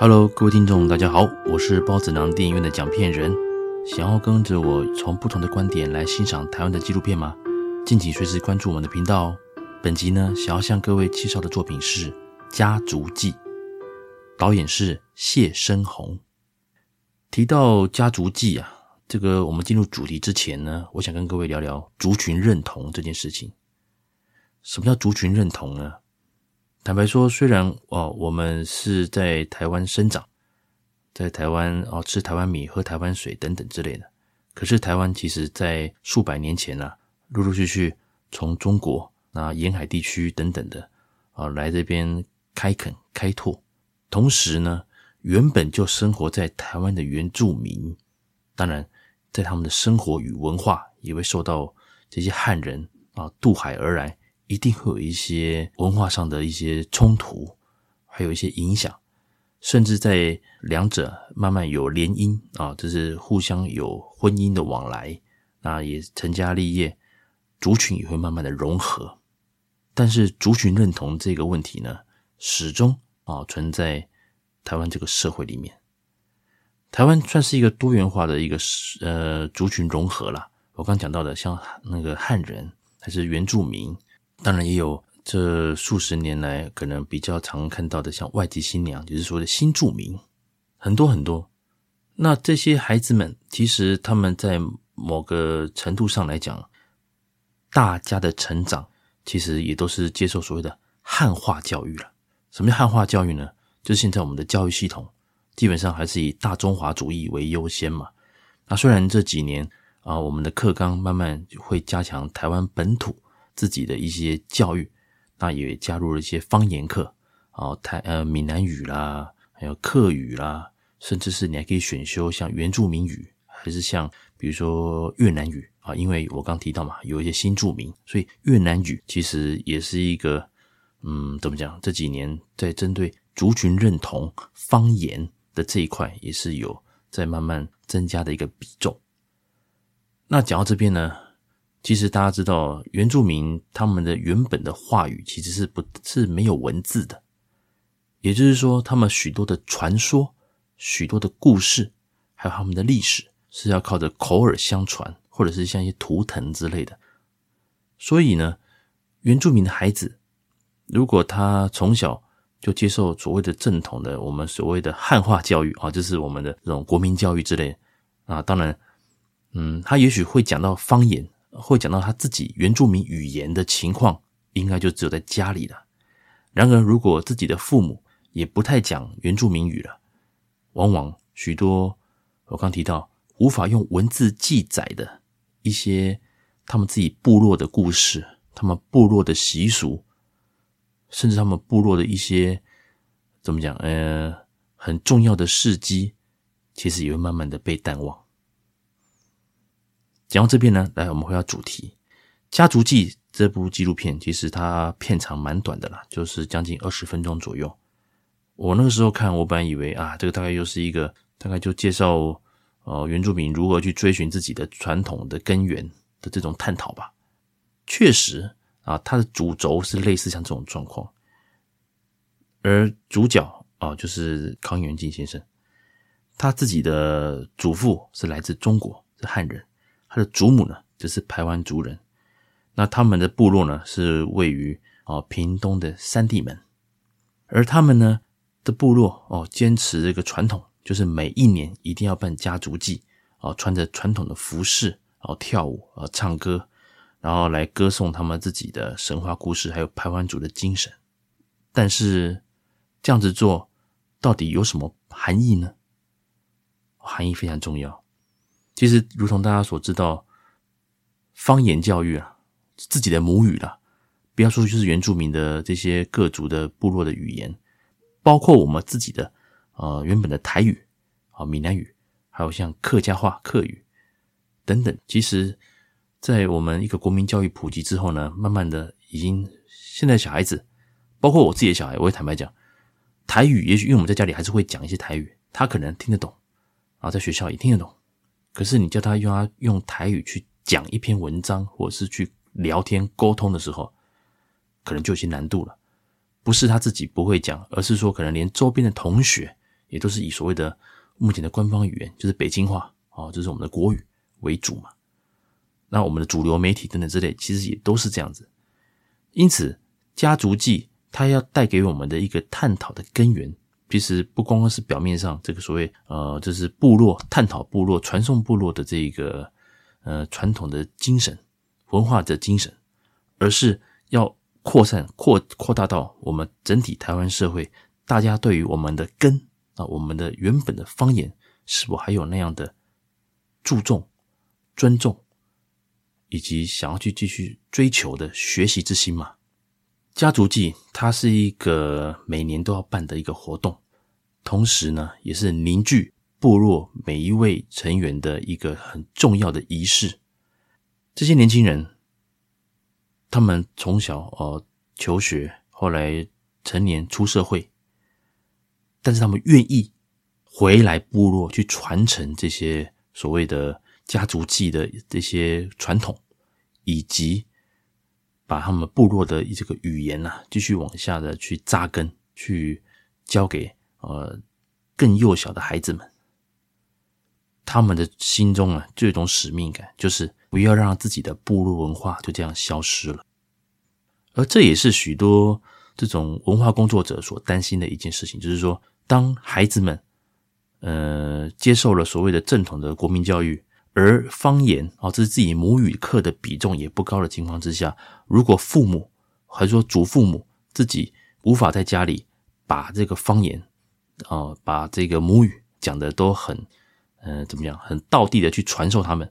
哈嘍，各位聽眾，大家好，我是包子囊電影院的講片人。想要跟着我從不同的觀點來欣賞台灣的紀錄片嗎？敬請隨時關注我們的頻道哦。本集呢，想要向各位介紹的作品是《家族祭》，導演是謝生紅。提到《家族祭》啊，這個我們進入主題之前呢，我想跟各位聊聊族群認同這件事情。什麼叫族群認同呢？坦白說，雖然哦，我們是在台灣生長，在台灣哦吃台灣米、喝台灣水等等之類的，可是台灣其實，在數百年前呢，啊，陸陸續續從中國啊，沿海地區等等的啊來這邊開墾開拓，同時呢，原本就生活在台灣的原住民，當然在他們的生活與文化也會受到這些漢人啊渡海而來。一定會有一些文化上的一些衝突，還有一些影響，甚至在兩者慢慢有聯姻啊、哦，就是互相有婚姻的往來，那也成家立業，族群也會慢慢的融合。但是族群認同這個問題呢，始終啊、哦、存在台灣這個社會裡面。台灣算是一個多元化的一個呃族群融合啦。我剛剛講到的，像那個漢人還是原住民。當然也有這數十年來可能比較常看到的，像外籍新娘，就是所謂的新住民，很多很多。那這些孩子們，其實他們在某個程度上來講，大家的成長其實也都是接受所謂的漢化教育了。什麼叫漢化教育呢？就是現在我們的教育系統基本上還是以大中華主義為優先嘛。那雖然這幾年啊、呃，我們的課綱慢慢會加強台灣本土自己的一些教育，那也加入了一些方言課，啊台呃閩南語啦，還有客語啦，甚至是你還可以選修像原住民語，還是像比如說越南語啊，因為我剛提到嘛，有一些新住民，所以越南語其實也是一個，嗯，怎麼講？這幾年在針對族群認同方言的這一塊，也是有在慢慢增加的一個比重。那講到這邊呢，其實大家知道，原住民他們的原本的話語其實是不是沒有文字的，也就是說，他們許多的傳說、許多的故事，還有他們的歷史，是要靠着口耳相傳，或者是像一些圖騰之類的。所以呢，原住民的孩子，如果他從小就接受所謂的正統的我們所謂的漢化教育啊，就是我們的這種國民教育之類的啊，當然，嗯，他也許會講到方言。會講到他自己原住民語言的情況，應該就只有在家裡了。然而，如果自己的父母也不太講原住民語了，往往許多我剛提到無法用文字記載的一些他們自己部落的故事、他們部落的習俗，甚至他們部落的一些怎麼講，呃，很重要的事蹟，其實也會慢慢的被淡忘。講到這邊呢，來我們回到主題，《家族祭》這部紀錄片其實它片長蠻短的啦，就是將近二十分鐘左右。我那個時候看，我本來以為啊，這個大概又是一個大概就介紹呃原住民如何去追尋自己的傳統的根源的這種探討吧。確實啊，它的主軸是類似像這種狀況，而主角啊就是康元進先生，他自己的祖父是來自中國，是漢人。他的祖母呢，就是排灣族人。那他們的部落呢，是位於啊，哦，屏東的三地門。而他們呢的部落哦，堅持這個傳統，就是每一年一定要辦家族祭，哦，穿着傳統的服飾，哦，跳舞，哦，唱歌，然後來歌頌他們自己的神話故事，還有排灣族的精神。但是這樣子做到底有什麼含義呢？哦，含義非常重要。其實，如同大家所知道，方言教育啊，自己的母語啦、啊，不要說就是原住民的這些各族的部落的語言，包括我們自己的呃原本的台語啊、閩南語，還有像客家話、客語等等。其實，在我們一個國民教育普及之後呢，慢慢的已經現在小孩子，包括我自己的小孩，我會坦白講，台語也許因為我們在家裡還是會講一些台語，他可能聽得懂啊，在學校也聽得懂。可是你叫他用他用台語去講一篇文章，或者是去聊天溝通的時候，可能就有些難度了。不是他自己不會講，而是說可能連周邊的同學也都是以所謂的目前的官方語言，就是北京話哦，就是我們的國語為主嘛。那我們的主流媒體等等之類，其實也都是這樣子。因此，《家族祭》它要帶給我們的一個探討的根源。其實不光光是表面上這個所謂呃，就是部落探討部落、傳送部落的這個呃傳統的精神文化、的精神，而是要擴散擴擴大到我們整體台灣社會，大家對於我們的根啊、呃，我們的原本的方言是否還有那樣的注重、尊重，以及想要去繼續追求的學習之心嘛？家族祭，它是一個每年都要辦的一個活動，同時呢，也是凝聚部落每一位成員的一個很重要的儀式。這些年輕人，他們從小哦，呃，求學，後來成年出社會，但是他們願意回來部落去傳承這些所謂的家族祭的這些傳統，以及。把他們部落的這個語言吶、啊，繼續往下的去扎根，去教給呃更幼小的孩子們，他們的心中啊，就有一種使命感，就是不要讓自己的部落文化就這樣消失了。而這也是許多這種文化工作者所擔心的一件事情，就是說，當孩子們呃接受了所謂的正統的國民教育。而方言哦，這是自己母語課的比重也不高的情況之下，如果父母還是說祖父母自己無法在家裡把這個方言哦、呃、把這個母語講的都很嗯、呃、怎麼樣，很道地的去傳授他們，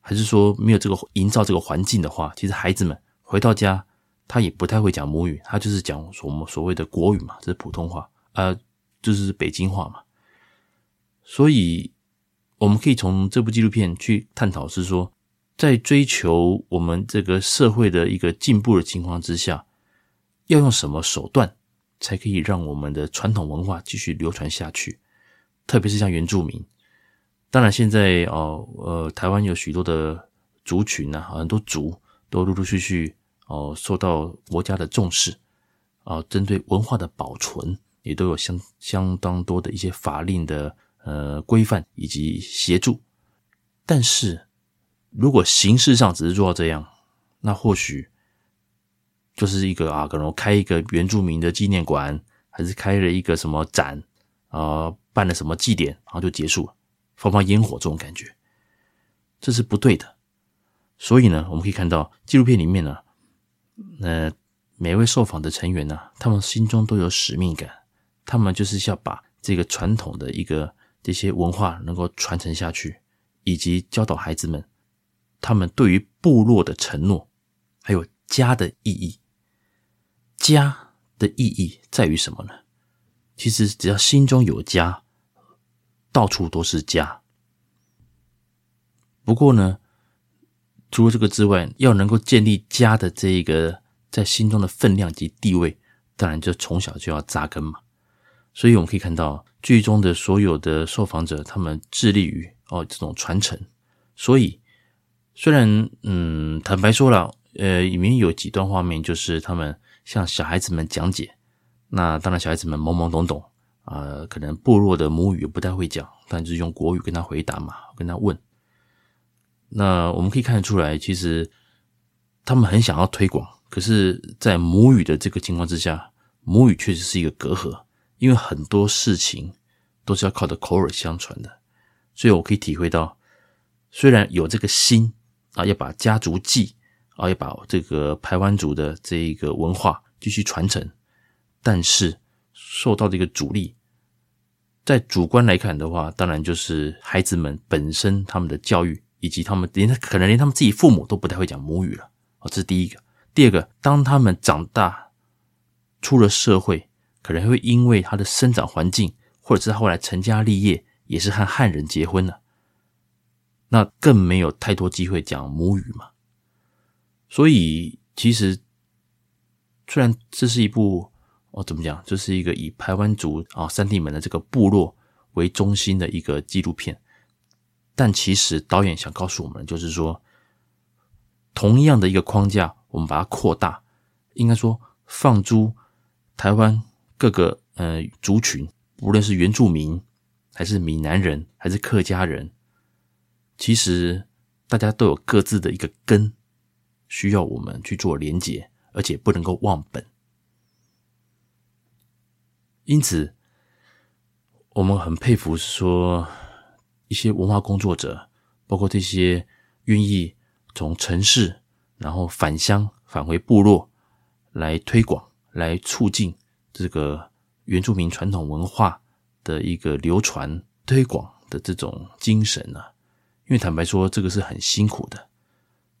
還是說沒有這個營造這個環境的話，其實孩子們回到家他也不太會講母語，他就是講我們所謂的國語嘛，這是普通話啊、呃，就是北京話嘛，所以。我們可以從這部紀錄片去探討，是說在追求我們這個社會的一個進步的情況之下，要用什麼手段才可以讓我們的傳統文化繼續流傳下去？特別是像原住民，當然現在哦呃，呃，台灣有許多的族群呢、啊，很多族都陸陸續續哦、呃、受到國家的重視啊、呃，針對文化的保存也都有相相當多的一些法令的。呃，規範以及協助，但是，如果形式上只是做到這樣，那或許就是一個啊，可能開一個原住民的紀念館，還是開了一個什麼展啊、呃，辦了什麼祭典，然後就結束了，放放煙火這種感覺，這是不對的。所以呢，我們可以看到紀錄片裡面呢、啊，呃，每位受訪的成員呢、啊，他們心中都有使命感，他們就是要把這個傳統的一個。這些文化能夠傳承下去，以及教導孩子們，他們對於部落的承諾，還有家的意義。家的意義在於什麼呢？其實只要心中有家，到處都是家。不過呢，除了這個之外，要能夠建立家的這一個在心中的分量及地位，當然就從小就要紮根嘛。所以我們可以看到劇中的所有的受訪者，他們致力於哦這種傳承。所以雖然嗯，坦白說了，呃，裡面有幾段畫面就是他們向小孩子們講解。那當然，小孩子們懵懵懂懂啊，呃，可能部落的母語也不太會講，但就是用國語跟他回答嘛，跟他問。那我們可以看得出來，其實他們很想要推廣，可是，在母語的這個情況之下，母語確實是一個隔閡。因為很多事情都是要靠的口耳相傳的，所以我可以體會到，雖然有這個心啊，要把家族祭，啊，要把這個排灣族的這一個文化繼續傳承，但是受到這個阻力，在主觀來看的話，當然就是孩子們本身他們的教育，以及他們連他可能連他們自己父母都不太會講母語了。哦，這是第一個。第二個，當他們長大出了社會。可能會因為他的生長環境，或者是他後來成家立業，也是和漢人結婚了，那更沒有太多機會講母語嘛。所以其實雖然這是一部哦，怎麼講？這是一個以台灣族啊、哦、三地門的這個部落為中心的一個紀錄片，但其實導演想告訴我們，就是說，同樣的一個框架，我們把它擴大，應該說放逐台灣。各個呃族群，無論是原住民，還是閩南人，還是客家人，其實大家都有各自的一個根，需要我們去做連結，而且不能夠忘本。因此，我們很佩服說一些文化工作者，包括這些願意從城市然後返鄉返回部落來推廣、來促進。這個原住民傳統文化的一個流傳、推廣的這種精神呢、啊，因為坦白說，這個是很辛苦的，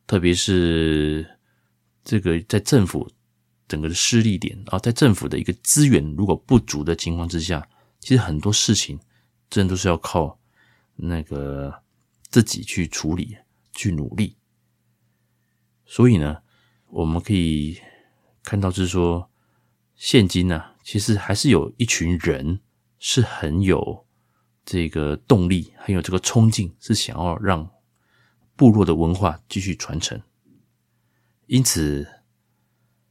特別是這個在政府整個的勢力點啊，在政府的一個資源如果不足的情況之下，其實很多事情，真的都是要靠那個自己去處理、去努力。所以呢，我們可以看到，就是說，現今呢，其實還是有一群人是很有這個動力，很有這個衝勁，是想要讓部落的文化繼續傳承。因此，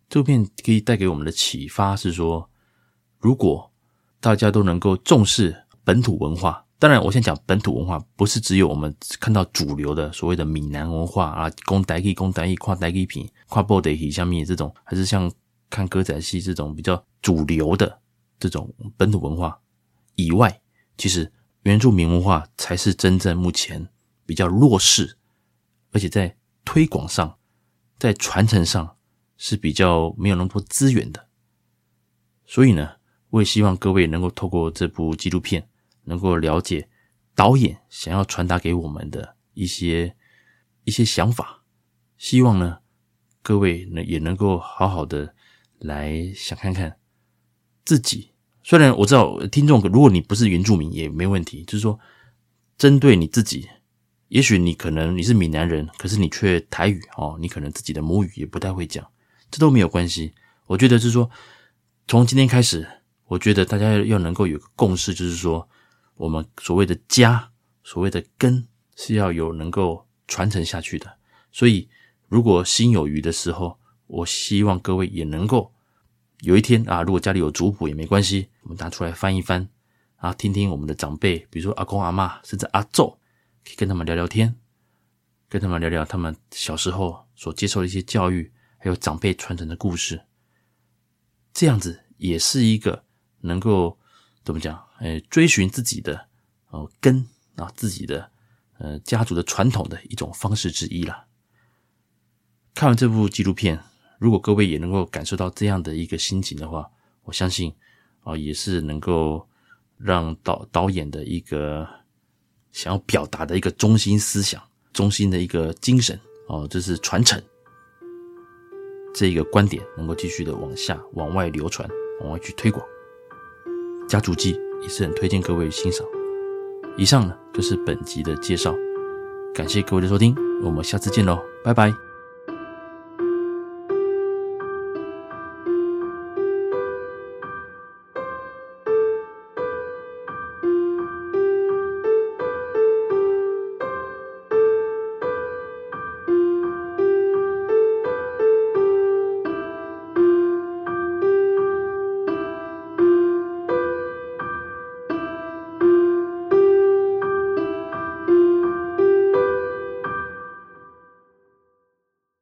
這部片可以帶給我們的啟發是說，如果大家都能夠重視本土文化，當然，我先講本土文化不是只有我們看到主流的所謂的閩南文化啊，講台語、講台語、看台語片、看布袋戲下面這種，還是像。看歌仔戲這種比較主流的這種本土文化以外，其實原住民文化才是真正目前比較弱勢，而且在推廣上、在傳承上是比較沒有那麼多資源的。所以呢，我也希望各位能夠透過這部紀錄片，能夠了解導演想要傳達給我們的一些一些想法。希望呢，各位能也能夠好好的。來想看看自己，雖然我知道聽眾，如果你不是原住民也沒問題。就是說，針對你自己，也許你可能你是閩南人，可是你卻台語哦，你可能自己的母語也不太會講，這都沒有關係。我覺得是說，從今天開始，我覺得大家要要能夠有個共識，就是說，我們所謂的家、所謂的根是要有能夠傳承下去的。所以，如果心有餘的時候，我希望各位也能夠有一天啊，如果家裡有族譜也沒關係，我們拿出來翻一翻啊，聽聽我們的長輩，比如說阿公阿嬤，甚至阿祖，可以跟他們聊聊天，跟他們聊聊他們小時候所接受的一些教育，還有長輩傳承的故事。這樣子也是一個能夠怎麼講？哎、欸，追尋自己的哦根、呃、啊，自己的呃家族的傳統的一種方式之一啦。看完這部紀錄片，如果各位也能夠感受到這樣的一個心情的話，我相信啊，也是能夠讓導導演的一個想要表達的一個中心思想、中心的一個精神啊，就是傳承這一個觀點，能夠繼續的往下、往外流傳、往外去推廣。家族祭也是很推薦各位欣賞。以上呢就是本集的介紹，感謝各位的收聽，我們下次見嘍，拜拜。